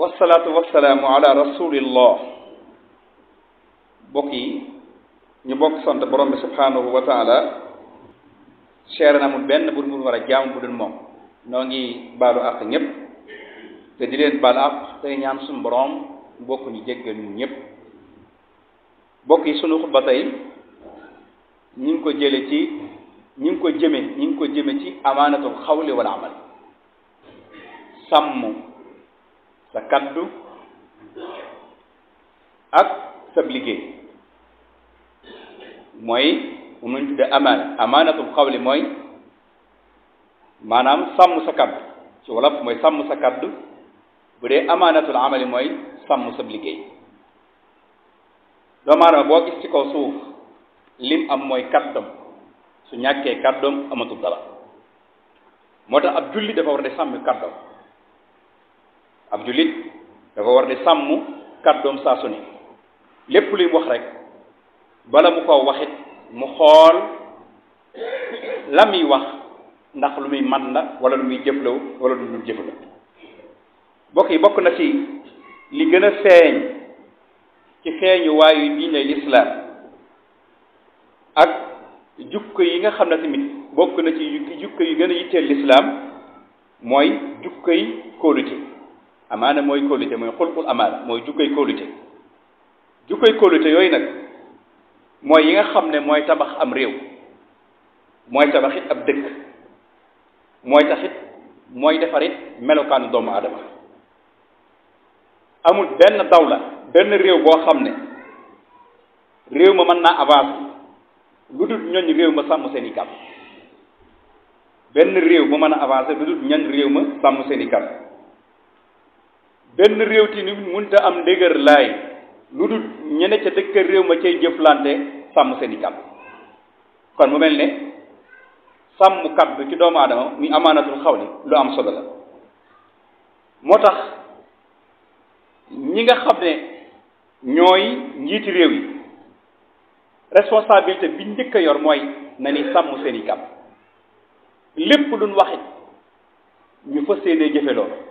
والصلاة والسلام على رسول الله بكي نبوك سنت برمب سبحانه وتعالى شعرنا من بين برمب ولا جام بدون مم نعي بارو أخ نب تدرين بارو أخ تينيان سن برام بوك نيجي نب بوك يسون خب بتايم نينكو جلتي نينكو جمي نينكو جمي تي أمانة الخول والعمل سمو sa kaddu ak sab liggéey mooy moom lañ tudde amaana amaanatul xawli mooy maanaam sàmm sa kaddu ci wolof mooy sàmm sa kaddu bu dee amaanatul amali mooy sàmm sab liggéey doomu aadama boo gis ci kaw suuf lim am mooy kàddoom su ñàkkee kàddoom amatul dara moo tax ab julli dafa war di sàmmi kàddoom ab jullit dafa war di sàmm kàddoom saa su lépp luy wax rek bala mu ko waxit mu xool la muy wax ndax lu muy man la wala lu muy jëflaw wala lu muy jëflaw bokk yi bokk na ci li gën a feeñ ci feeñu waayu diine lislaam ak jukko yi nga xam ne tamit bokk na ci jukko yi gën a yitteel lislaam mooy jukko yi kóolute amaana mooy kóolute mooy xulqul amaana mooy jukkoy kóolute jukkoy kóolute yooyu nag mooy yi nga xam ne mooy tabax am réew mooy tabaxit ab dëkk mooy taxit mooy defarit melokaanu doomu adama amul benn la benn réew boo xam ne réew ma mën naa avancer lu dul ñoñ réew ma sàmm seen i kàddu benn réew bu mën a avance lu dul ñoñ réew ma sàmm seeni i benn réew tamit mënta am ndëgër laay lu dul ñene ca dëkk réew ma cay jëflante sàmm seen i kon mu mel ni sàmm kàddu ci doomu aadama muy amaanatul xawli lu am solo la moo tax ñi nga xam ne ñooy njiiti réew yi responsabilité bi njëkk a yor mooy na ni sàmm seen i kàddu lépp luñ waxit ñu fas yéenee jëfe loolu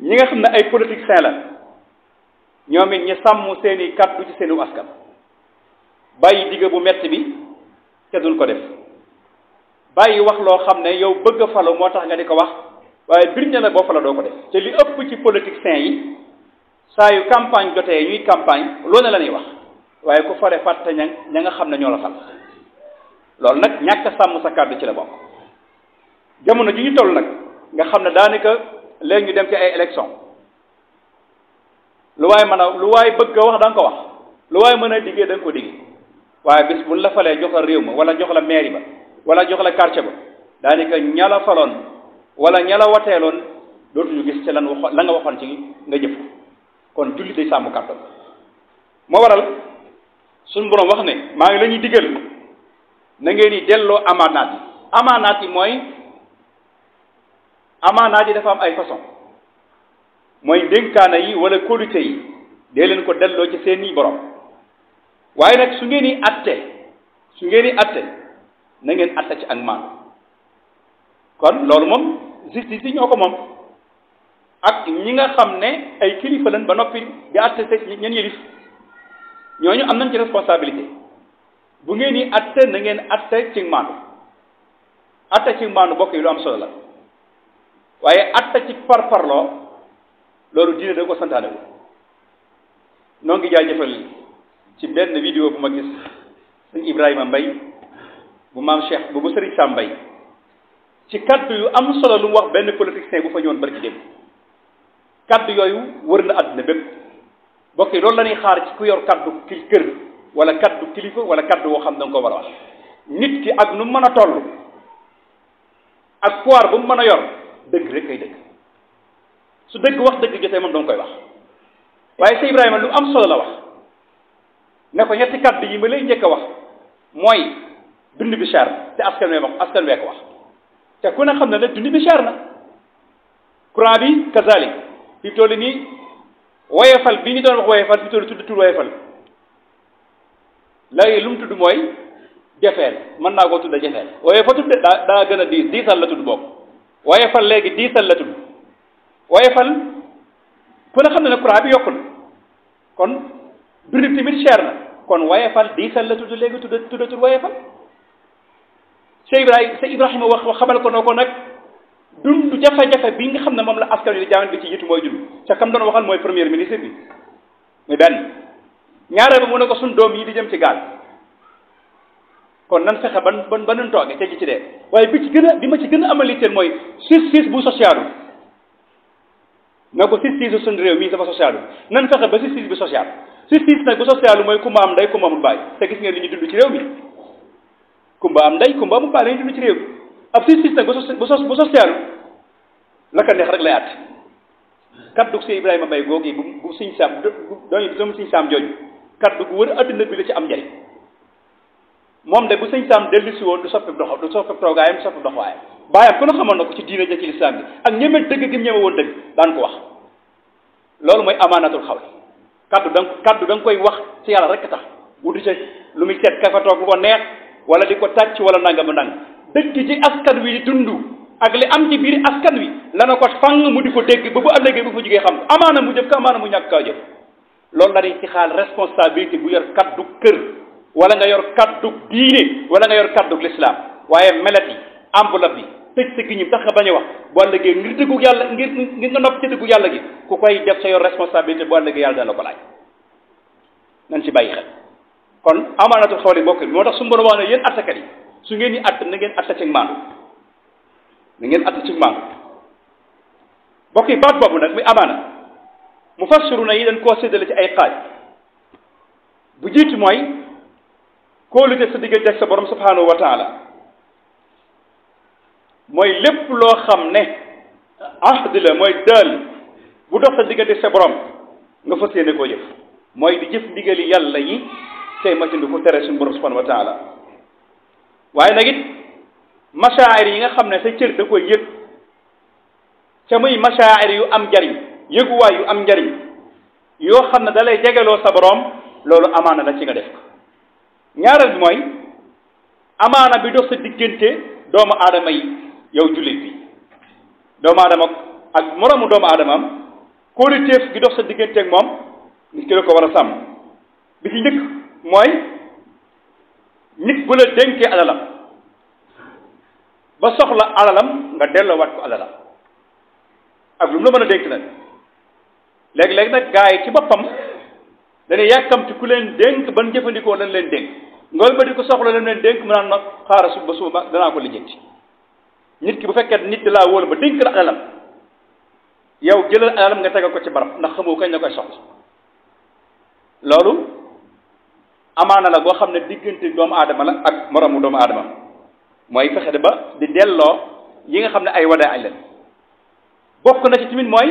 ñi nga xam ne ay politiciens la ñoom it ñu sàmm seen i kàddu ci seenu askan bàyyi digg bu metti bi te duñ ko def bàyyi wax loo xam ne yow bëgg a falu moo tax nga di ko wax waaye bir na la boo fala doo ko def te li ëpp ci politiciens yi saa yu campagne jotee ñuy campagne loolu ne la ñuy wax waaye ku fare fàtte ña ña nga xam ne ñoo la fal loolu nag ñàkk sàmm sa kàddu ci la bokk jamono ji ñu toll nag nga xam ne daanaka léegi ñu dem ci ay élection lu waay mën a lu waay bëgg a wax da nga ko wax lu waay mën a diggee da nga ko diggee waaye bis bu la falee jox la réew ma wala jox la mairie ba wala jox la quartier ba daanaka ña la faloon wala ña la wateeloon ñu gis ci lan waxoon la nga waxoon ci nga jëf kon julli day sàmm kàttan moo waral sun borom wax ne maa ngi la ñuy na ngeen ni delloo amaanaat yi amaanaat amaanaa ji dafa am ay façon mooy dénkaana yi wala kóolute yi dee leen ko delloo ci seeni borom waaye nag su ngeen di atte su ngeen di atte na ngeen atte ci ak maan kon loolu moom justice yi ñoo ko moom ak ñi nga xam ne ay kilifa lañ ba noppi di atte se ñeen yëlif ñooñu am nañ ci responsabilité bu ngeen yi atte na ngeen atte ci maandu atte ci maandu bokk yi lu am solo la waaye atta ci parparloo loolu diine da ko santaane ko noo ngi jaajëfal ci benn vidéo bu ma gis sëñ Ibrahima Mbay bu maam Cheikh bu bu sëriñ Mbay ci kaddu yu am solo lu mu wax benn politicien bu fa ñëwoon bari ci dem kaddu yooyu wër na àdduna bépp bokk yi loolu lañuy xaar ci ku yor kaddu kil kër wala kaddu kilifa wala kaddu woo xam da nga ko war wax nit ki ak nu mën a toll ak pouvoir bu mu mën a yor dëgg rek kay dëgg su dëgg wax dëgg jotee moom danga koy wax waaye Cheikh Ibrahima lu am solo la wax ne ko ñetti kàddu yi ma lay njëkk a wax mooy dund bi cher te askan wee wax askan wee wax te ku ne xam ne ne dund bi cher na courant bi kazalik fi mu nii woyefal bi ñu doon wax woyefal fi mu toll tudd woyefal léegi lu mu tudd mooy jafeel mën naa koo tudd jafeel woyefal tudd daa daa gën a diis diisal la tudd boobu woyefal léegi diisal la tudd woyefal ku ne xam ne ne courant bi yokku na kon dund tamit cher na kon woyefal diisal la tudd léegi tudd tuddatul woyefal Cheikh Ibrahima Cheikh Ibrahima wax wax xamal ko noo ko nag dund jafe-jafe bi nga xam ne moom la askan wi jaaman bi ci jiitu mooy dund te kam doon waxal mooy premier ministre bi muy benn ñaareel ba mu ne ko suñ doom yi di jëm ci gaal kon nan fexe ban ban ba nan toogee ca ci ci dee waaye bi ci gën a bi ma ci gën a amaliteel mooy justice bu socialu nga ko justice suñu réew mii dafa socialu nan fexe ba justice bu social justice nag bu socialu mooy kumba am ndey kumba amul baay te gis ngeen li ñu dund ci réew mi kumba am ndey kumba amul baay la ñu dund ci réew mi ab justice nag bu bu socialu la ka neex rek lay àtt kaddu si Ibrahima Mbaye googu bu bu siñ saam doñu doom siñ saam jooju kaddu gu wër adduna bi la ci am njariñ moom de bu sëñ Sam dellu si woon du soppi dox du soppi toogaayam du soppi doxwaayam bàyyam ku ne xamoon na ci diine ci lislaam bi ak ñeme dëgg gi mu dëgg daan ko wax loolu mooy amaanatul xaw kaddu da nga kaddu da nga koy wax ci yàlla rek tax wuti ca lu muy seet ka fa toog lu ko neex wala di ko tàcc wala nangam nang dëgg ci askan wi di dund ak li am ci biir askan wi la na ko fang mu di ko dégg ba bu ëllëgee bu fa jugee xam amaana mu jëf ka amaana mu ñàkk kaa jëf loolu la ñuy ci xaal responsabilité bu yor kaddu kër wala nga yor kaddu diine wala nga yor kaddu lislaam waaye melet yi ambula bi tëj sa giñu tax nga bañ a wax bu àllëgee ngir dëggu yàlla ngir ngir nga nopp ci dëggu yàlla gi ku koy def sa yor responsabilité bu àllëgee yàlla dana la ko laaj nañ ci bàyyi xel kon amaanatul xawli mbokk yi moo tax suñu borom wax ne yéen su ngeen di att na ngeen atta ci maandu na ngeen atta ci maandu mbokk baat boobu nag muy amaana mufassiruna yi dañ koo séddale ci ay xaaj bu jiitu kóolute sa diggante ak sa borom subhanahu wa taala mooy lépp loo xam ne ahd la mooy daal bu dox sa diggante sa borom nga fas yéene koo jëf mooy di jëf ndigali yàlla yi tey matindu ko tere suñu borom subhanahu wa waaye nag it machaayir yi nga xam ne sa cër da koy yëg ca muy machaayir yu am njariñ yëguwaay yu am njariñ yoo xam ne dalay lay jegeloo sa borom loolu amaana la ci nga def ñaareel bi mooy amaana bi dox sa diggante doomu aadama yi yow jullit bi doomu aadama ak moroomu doomu aadamaam kóoliteef gi dox sa diggante ak moom nit ki la ko war a sàmm bi ci njëkk mooy nit bu la dénkee alalam ba soxla alalam nga delloowaat ko alalam ak lu mu la mën a dénk nag léegi-léegi nag gaa yi ci boppam dañuy yàkkamti ku leen dénk ban jëfandikoo lañ leen dénk nga ba di ko soxla leen ne dénk mu naan nag xaaral suba suba danaa ko lijjanti nit ki bu fekkee nit laa wóolu ba dénk la alalam yow jëlal alalam nga tegal ko ci barab ndax xamoo kañ la koy soxla loolu amaana la boo xam ne diggante doomu aadama la ak moromu doomu aadama mooy fexe ba di delloo yi nga xam ne ay wada ay leen bokk na ci tamit mooy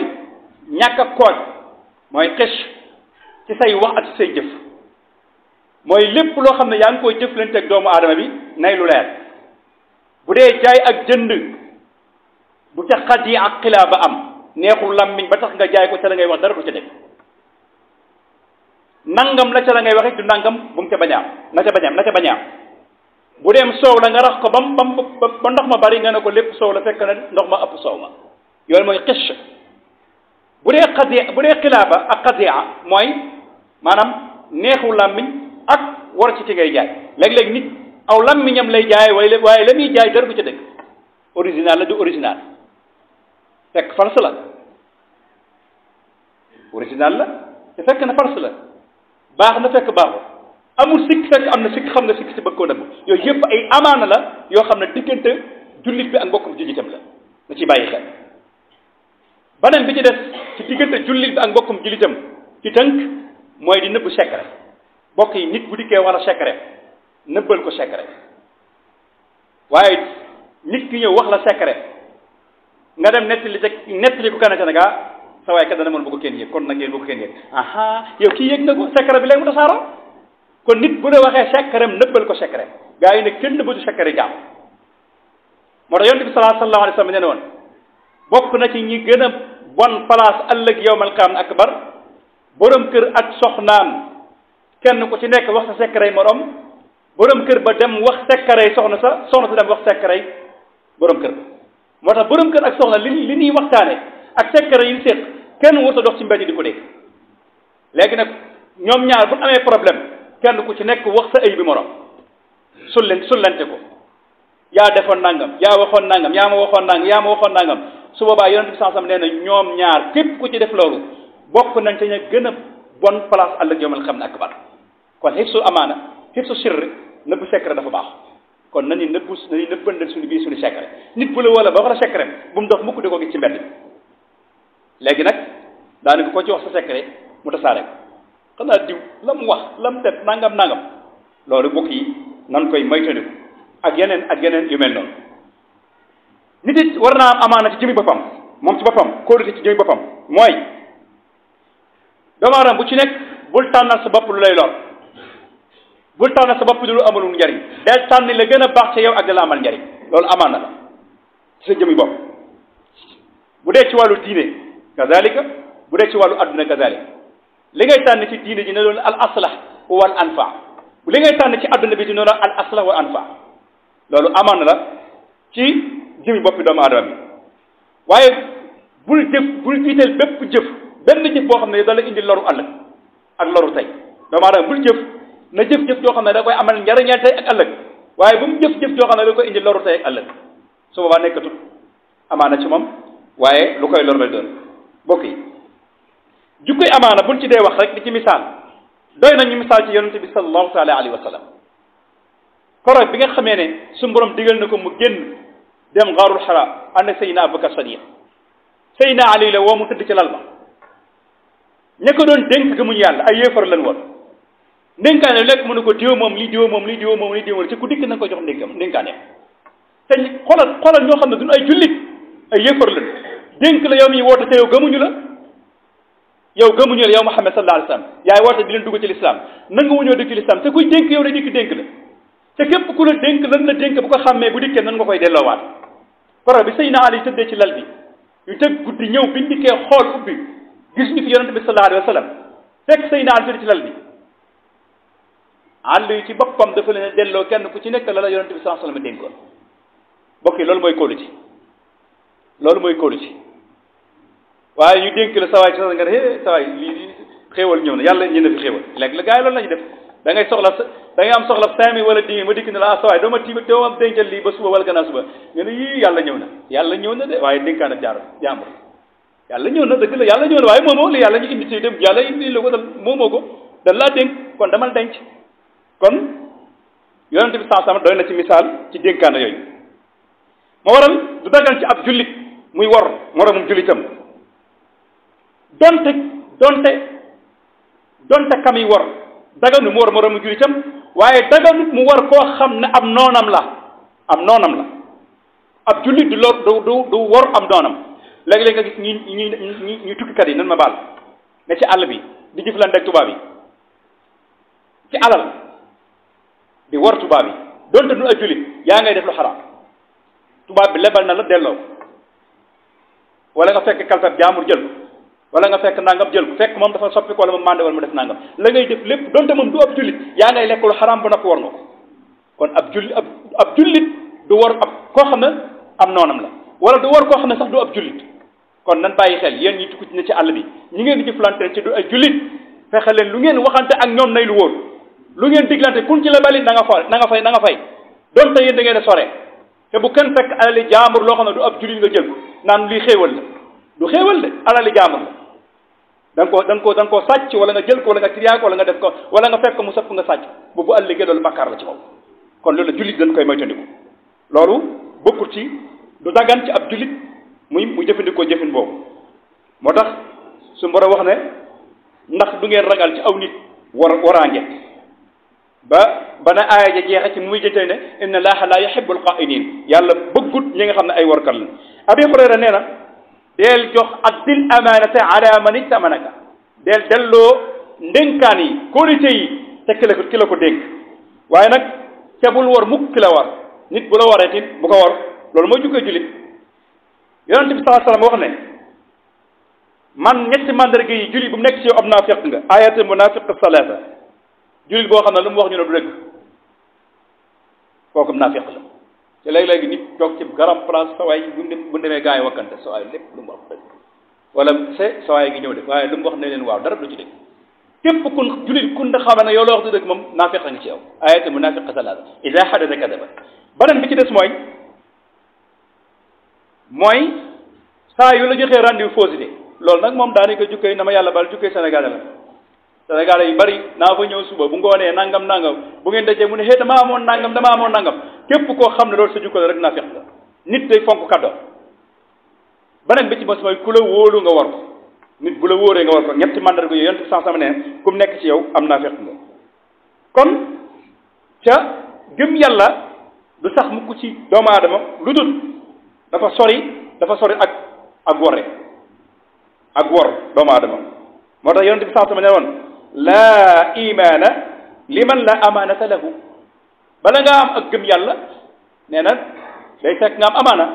ñàkk a kooj mooy xëcc ci say wax ak ci say jëf mooy lépp loo xam ne yaa ngi koy jëflante ak doomu aadama bi nay lu leer bu dee jaay ak jënd bu ca xaj yi ak xilaa ba am neexul làmmiñ ba tax nga jaay ko ca la ngay wax dara du ca def nangam la ca la ngay waxe du nangam bu mu ca bañaam na ca bañaam na ca bañaam bu dem soow la nga rax ko ba bam ba ndox ma bari nga ne ko lépp soow la fekk na ndox ma ëpp soow ma yooyu mooy xis bu dee xadi bu dee xilaaba ak xadia mooy maanaam neexul làmmiñ ak war ci ci ngay jaay léeg-léeg nit aw làmmiñam lay jaay waaye waaye la muy jaay dara bu ca dëkk original la du original fekk farce la original la te fekk na farce la baax na fekk baaxul amul sikk fekk am na sikk xam nga sikk si bëgg koo dem yooyu yëpp ay amaana la yoo xam ne diggante jullit bi ak mbokkum jullitam la na ci bàyyi xel beneen bi ci des ci diggante jullit bi ak mbokkum jullitam ci tënk mooy di nëbbu secret bokk yi nit bu dikkee wala secret nëbbal ko secret waaye nit ki ñëw wax la secret nga dem li ca nettali ko kenn ca nag ah, sa waaye kat dana mën bu ko kenn yëg kon nag yéen bu ko kenn bi léegi mu kon nit bu ne waxee secret nëbbal ko secret gaa yi ne kenn bëtu secret jàmm moo tax yonent bi sallallahu alayhi wa sallam nee na woon bokk na ci ñi gën a bon place ëllëg yowmal qiyaam akbar borom kër ak soxnaam kenn ku ci nekk wax sa sekkaray morom borom kër ba dem wax sekkaray soxna sa soxna sa dem wax sekkaray borom kër ba moo tax borom kër ak soxna li li ñuy waxtaane ak sekkare yi séq kenn warut a dox ci mbedd di ko dégg léegi nag ñoom ñaar bu amee problème kenn ku ci nekk wax sa ay bi morom sullen sullante ko yaa defoon nangam yaa waxoon nangam yaa ma waxoon nangam yaa ma waxoon nangam su boobaa yonent bi sansam nee na ñoom ñaar képp ku ci def loolu bokk nañ te ña bon place àllëg yowmal xam ne akbar kon xibsul amaana xibsu sirri nëbbu secret dafa baax kon na nañu nëbbu nañu nëbbandal suñu biir suñu secret nit bu la wala ba wax la secret bu mu dox mukk di ko gis ci mbedd bi léegi nag daanaka koo ci wax sa secret mu tasaare ko xanaa diw la mu wax la mu def nàngam nangam loolu bokk yi nan koy moytandiku ak yeneen ak yeneen yu mel noonu nit it war naa am amaana ci jëmi boppam moom ci boppam kóolute ci jëmi boppam mooy doomu aadama bu ci nekk bul tànnal sa bopp lu lay lor bul tànnal sa bopp lu amalul tànn la gën a baax yow ak la amal njariñ loolu amaan na la ci sa jëmi bopp bu dee ci wàllu diine kazalika bu dee ci wàllu adduna kazalika li ngay tànn ci diine ji ne doon al aslah wal anfa li ngay tànn ci adduna bi di noonu al aslah wal anfa loolu amaan la ci jëmi boppi doomu aadama bi waaye bul jëf bul jiital bépp jëf benn jëf boo xam ne da la indi loru ëllëg ak loru tey doomu aadama bul jëf na jëf-jëf joo xam ne da koy amal njariñal tey ak ëllëg waaye bu mu jëf-jëf joo xam ne da koy indi loru tey ak ëllëg su boobaa nekkatul amaana ci moom waaye lu koy lor lay doon bokk yi jukkoy amaana buñ ci dee wax rek di ci misaal doy nañu misaal ci yonente bi sallallahu taala alayhi wa sallam korog bi nga xamee ne su borom digal na ko mu génn dem xaarul xara ànd ak Seydina Abubakar Sadiq Seydina Ali la woo ci lal ña ko doon dénk gëmuñu yàlla ay yéefar lan woon ndénkaane lekk mu ne ko diw moom lii diw moom lii diw moom lii diw moom ci ku dikk na ko jox ndénkam ndénkaane te xoolal xoolal ñoo xam ne duñ ay jullit ay yéefar lan dénk la yow mi woote te yow gëmuñu la yow gëmuñu la yow Muhammad sallallahu alayhi wa sallam yaay woote di leen dugg ci lislaam nanga wuñoo dugg ci lislaam te kuy dénk yow day dikk dénk la te képp ku la dénk lan la dénk bu ko xàmmee bu dikkee nan nga koy delloowaat koro bi Seydina Ali tëddee ci lal bi ñu tëg guddi ñëw bi ndikkee xool ubbi gis ñu fi yonente bi sallallahu alayhi wa sallam fekk ci lal bi àll yi ci boppam dafa leen delloo kenn ku ci nekk la la yonente bi sallallahu alayhi wa sallam dénkoon bokk yi loolu mooy kóolu ci loolu mooy kóolu ci waaye ñu dénk la sawaay sa nga ne hé sawaay lii xéewal ñëw na yàlla ñu ne fi xéewal léegi la gars yi loolu la ñu def da ngay soxla da ngay am soxla cinq mille wala dix mille ma dikk ne la ah sawaay doo ma tiim ba suba wala gannaaw suba nga ne yii yàlla ñëw na yàlla ñëw na waaye dénkaan ak jaaro jàmbur yàlla ñëw na dëgg la yàlla ñëw na waaye moomoo li ñu indi ci dem yàlla indi la ko tam moomoo ko dañ laa dénk kon damal denc kon yonente bi saa sama ci misaal ci dénkaane yooyu moo waral du dagan ci ab jullit muy wor moroomum jullitam donte donte donte kam yi wor daganu mu war moroomum jullitam waaye daganu mu war koo xam ne am noonam la am noonam la ab jullit du lor du du du wor am noonam léeg-léeg nga gis ñi ñi ñi ñi tukkikat yi nan ma baal ne ci àll bi di jëflante ak tubaab yi ci alal di war tubaab yi donte du yaa ngay def lu xaraam tubaab bi lebal na la delloo wala nga fekk kalfet jaamur jël ko wala nga fekk nangam jël ko fekk moom dafa soppi ko wala def nangam la ngay def lépp donte moom du ab jullit yaa ngay lekk lu xaraam ba noppi war nga kon ab jullit ab ab jullit du war ab koo xam ne am noonam la wala du war koo xam ne sax du ab jullit kon nan bàyyi xel yéen ñi tukku ci ne ci àll bi ñi ngeen di jëflante ci du ay jullit fexe leen lu ngeen waxante ak ñoom nay lu wóor lu ngeen diglante kun ci la bali na nga fa na nga fay na nga fay donte yéen da ngeen sore te bu kenn fekk alali jaambur loo xam ne du ab jullit nga jël naan lii xéewal la du xéewal de alali jaambur la da nga koo da koo da koo sàcc wala nga jël ko wala nga triyaa ko wala nga def ko wala nga fekk mu sëpp nga sàcc boobu àlligée loolu bakkaar la ci kaw kon loolu jullit dañ koy moytandiku du dagan ci ab jullit muy mu jëfandikoo jëfin boobu moo tax su mboro wax ne ndax du ngeen ragal ci aw nit war waraange ba bana aaya ja jeexe ci muy jënte ne inna laaha laa yuhibbul qaa'iniin yàlla bëggut ñi nga xam ne ay warkat la abi hurayra nee na deel jox addil amaanata ala man ittamanaka deel delloo ndénkaan yi kóolite yi te ki la ko ki ko dénk waaye nag te bul war mukk ki war nit bu la waree bu ko war loolu mooy jukkee jullit yonent bi sallallahu alayhi wasallam wax ne man ñetti mandarga yi jullit bu mu nekk ci yow ab naafiq nga ayatul munafiq salaata jullit boo xam ne lu mu wax ñu ne du dëgg kooku naafiq la te léegi toog ci garam place sawaay bu bu demee gaa yi wakkante sawaay lépp lu mu wax dëgg wala de waaye lu mu wax ne leen waaw dara du ci dëgg képp kun jullit kun da xam ne yow la wax du dëgg moom naafiq nga ci yow ayatul munafiq salaata ida xadata kadaba beneen bi ci des mooy mooy saa yu la joxee rendez-vous fausité loolu nag moom daanaka jukkee na ma yàlla bal jukkee sénégalais la sénégalais yu bari naa fa ñëw suba bu ngoonee nangam nangam bu ngeen dajee mu ne hee dama amoon nangam damaa amoon nangam képp koo xam ne loolu sa jukko la rek naa fex la nit day fonk kàddoom beneen bi ci mos mooy ku la wóolu nga war ko nit bu la wóoree nga war ko ñetti mandarga yooyu yonent sax sama ne ku mu nekk ci yow am naa fex nga kon ca gëm yàlla lu dul dafa sori dafa sori ak ak wore ak wor doomu aadama moo tax yonent bi saa sama ne woon laa imaana liman la amaanata lahu bala ngaa am ak gëm yàlla nee na day fekk nga am amaana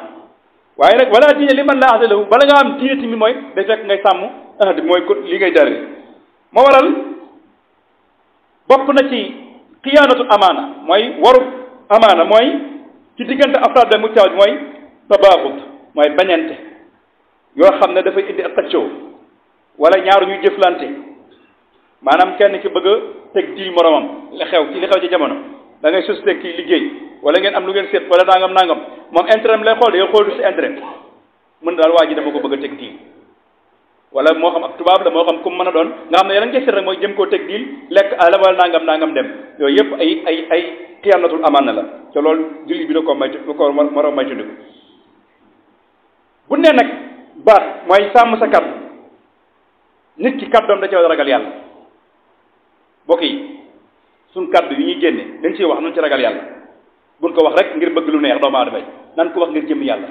waaye nag wala diine liman la ahda lahu bala mooy day fekk ngay sàmm ahd mooy ko li ngay jari moo waral bokk na ci xiyaanatul amaana mooy waru amaana mooy ci diggante afraad da mu caaw mooy tabaxut mooy bañante yoo xam ne dafay indi ak xëccoo wala ñaaru ñu jëflante maanaam kenn ki bëgg a teg dil moromam li xew ci li xew ci jamono da ngay sus société ki liggéey wala ngeen am lu ngeen seet wala nangam nangam moom intérêt mi lay xool yow xoolu si intérêt mën daal waa ji dama ko bëgg a teg dil wala moo xam ak tubaab la moo xam kum mu mën a doon nga xam ne yeneen gëstu rek mooy jëm koo teg diil lekk ala wala nangam nangam dem yooyu yëpp ay ay ay xiyaanatul amaana la te lool julli bi da ko may ko moro may tundiku bu ne nag baat mooy sàmm sa kàddu nit ki kàddoom da ci war a ragal yàlla bokk yi suñ kàddu yi ñuy génne dañ ciy wax nañ ci ragal yàlla buñ ko wax rek ngir bëgg lu neex doomu aadama yi nan ko wax ngir jëm yàlla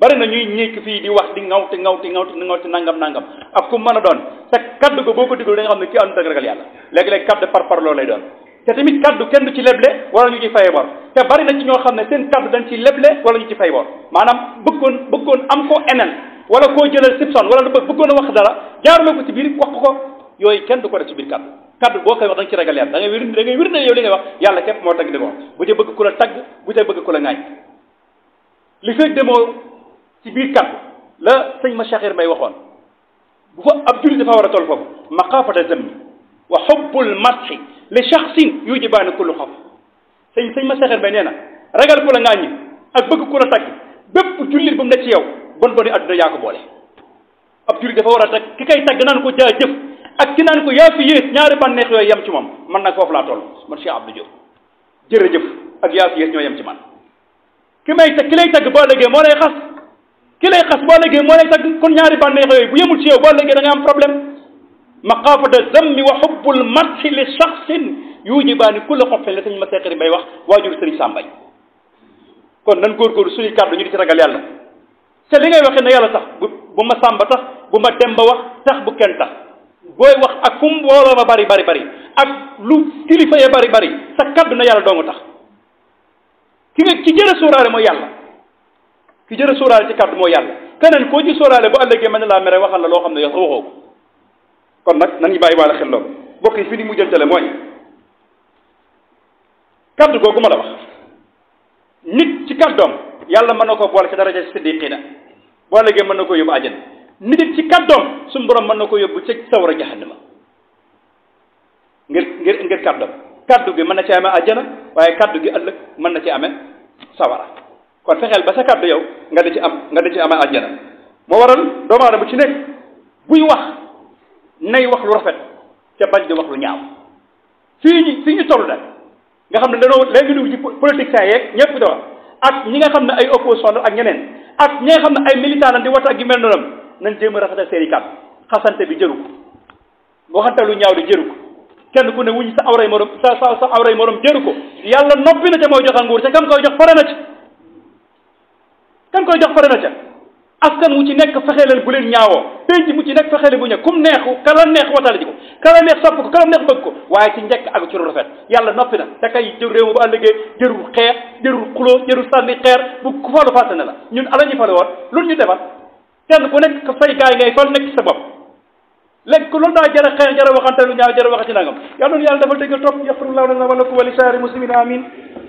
bari na ñuy ñékk fii di wax di ngaw te ngaw te ngaw te ngaw te nangam nangam ak ku mën a doon te kaddu ko boo ko diglu da nga xam ne kii àndut ak ragal yàlla léegi-léeg kaddu par par loolu lay doon te tamit kaddu kenn du ci leble wala ñu ci fay bor te bari na ci ño xamné seen kàddu dañ ci leble wala ñu ci fay bor manam bëggoon bëggoon am ko enen wala koo jëlal sibson wala lu bëggoon wax dara jaarloo ko ci biir wax ko yoy kenn du ko def ci biir kàddu kaddu bo koy wax da ci ragal yàlla da ngay wir da ngay wir na yow li ngay wax yàlla képp mo tagg di ko bu ci bëgg ku la tagg bu ci bëgg ku la ngañ li fekk demo ci biir kaddu la sëñ ma Cheikhir may waxoon bu fa ab jullit dafa war a toll foofu maqaafata wa hubbul masxi li shakhsin yujibana kullu xaf dañ sëñ ma seexal bay neena ragal ko la ngañi ak bëgg ko la tag bépp jullit bu mu ne ci yow bon bon adduna ya ko boole ab jullit dafa wara tag ki kay tag nan ko jaa jëf ak ki nan ko ya fi yées ñaari ban neex yoy yam ci mom man nag fofu la toll man Cheikh Abdou diouf jere jëf ak ya fi yées ñoy yam ci man ki may tag ki lay tag bo legge mo lay xass ki lay xass bo legge mo lay tag kon ñaari ban neex yoy bu yemul ci yow bo legge da nga am problème maqafatu zammi wa hubbul madhi li shakhsin yujibani ku la la sëñ ma seeqari bay wax waajur sëriñ sàmbay kon nan gor gor suñu kàddu ñu di ragal yàlla te li ngay waxe na yàlla tax bu ma sàmba tax bu ma demba wax tax bu kenn tax boy wax ak kum wolo ba bari bari bari ak lu kilifa ye bari bari sa kaddu na yàlla doongu tax ki nga ci jëre sourale mo yàlla ki jëre sourale ci kaddu mo yàlla kenen ko ci sourale bu allege man la mere waxal la lo xamne yo yow kon nak nan yi nañu bàyyi waale xel lo bokki fi ni mu mujjantale moy kaddu googu ma la wax nit ci kaddoom yàlla mën na koo boole ci daraja siddiqina boo léegi mën na ko yóbbu àjjana nit ci kaddoom suñu borom mën na ko yóbbu ci sawara jahannama ngir ngir ngir kaddoom kaddu gi mën na ci amee àjjana waaye kàddu gi ëllëg mën na ci amee sawara kon fexeel ba sa kaddu yow nga di ci am nga di ci amee àjjana moo waral doomu aadama bu ci nekk buy wax nay wax lu rafet ca bañ di wax lu ñaaw fii fii ñu toll nag nga xam ne danoo léegi dugg ci politiciens yeeg ñëpp di wax ak ñi nga xam ne ay opposition ak ñeneen ak ñi nga xam ne ay militant lañ di wat ak yu mel noonu nañ jéem a rafetal seen i kàddu xasante bi jëru ko waxante lu ñaaw di jëru ko kenn ku ne wuñ sa awray morom sa sa sa awray morom jëru ko yàlla noppi na ca mooy joxe nguur ca kam koy jox pare na ca kam koy jox pare na ca askan mu ci nek fexelal bu len ñaawoo penc mu ci nek fexel bu ñëw kum neexu kala neex watal ji ko kala neex sopp ko kala neex bëgg ko waye ci njëkk ak ci rofet yàlla nopi na da kay jël rew bu andege jëru xex jëru xulo jëru sànni xeer bu ku fa fàtte na la ñun ala ñi fa fale woon lu ñu defal kenn ku nekk fay gaay ngay fa nek sa bop lek ku lu da jara xex jara waxantalu ñaaw jara waxati nangam yàlla ñu yàlla defal dëggal top yaxfirullahu lana wa lakum wa li muslimin amin